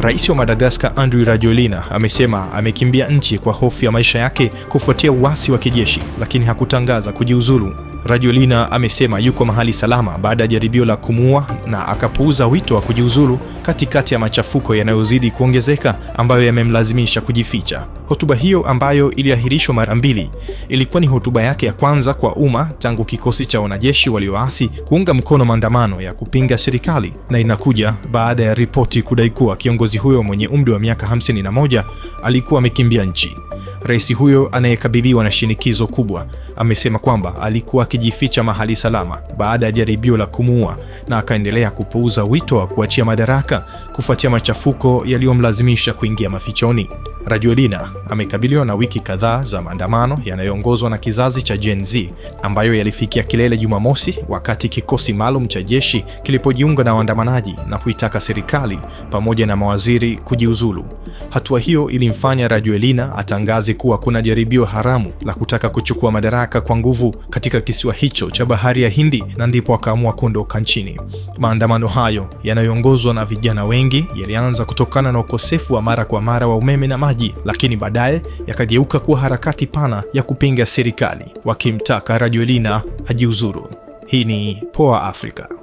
Rais wa Madagascar Andry Rajoelina amesema amekimbia nchi kwa hofu ya maisha yake kufuatia uasi wa kijeshi, lakini hakutangaza kujiuzulu. Rajolina amesema yuko mahali salama baada ya jaribio la kumuua na akapuuza wito wa kujiuzulu katikati ya machafuko yanayozidi kuongezeka ambayo yamemlazimisha kujificha. Hotuba hiyo ambayo iliahirishwa mara mbili ilikuwa ni hotuba yake ya kwanza kwa umma tangu kikosi cha wanajeshi walioasi kuunga mkono maandamano ya kupinga serikali na inakuja baada ya ripoti kudai kuwa kiongozi huyo mwenye umri wa miaka 51 alikuwa amekimbia nchi. Rais huyo anayekabiliwa na shinikizo kubwa amesema kwamba alikuwa akijificha mahali salama baada ya jaribio la kumuua na akaendelea kupuuza wito wa kuachia madaraka kufuatia machafuko yaliyomlazimisha kuingia mafichoni. Rajoelina amekabiliwa na wiki kadhaa za maandamano yanayoongozwa na kizazi cha Gen Z ambayo yalifikia kilele Jumamosi wakati kikosi maalum cha jeshi kilipojiunga na waandamanaji na kuitaka serikali pamoja na mawaziri kujiuzulu. Hatua hiyo ilimfanya Rajoelina atangaze wazi kuwa kuna jaribio haramu la kutaka kuchukua madaraka kwa nguvu katika kisiwa hicho cha bahari ya Hindi na ndipo akaamua kuondoka nchini. Maandamano hayo yanayoongozwa na vijana wengi yalianza kutokana na ukosefu wa mara kwa mara wa umeme na maji, lakini baadaye yakageuka kuwa harakati pana ya kupinga serikali wakimtaka Rajoelina ajiuzuru. Hii ni Poa Afrika.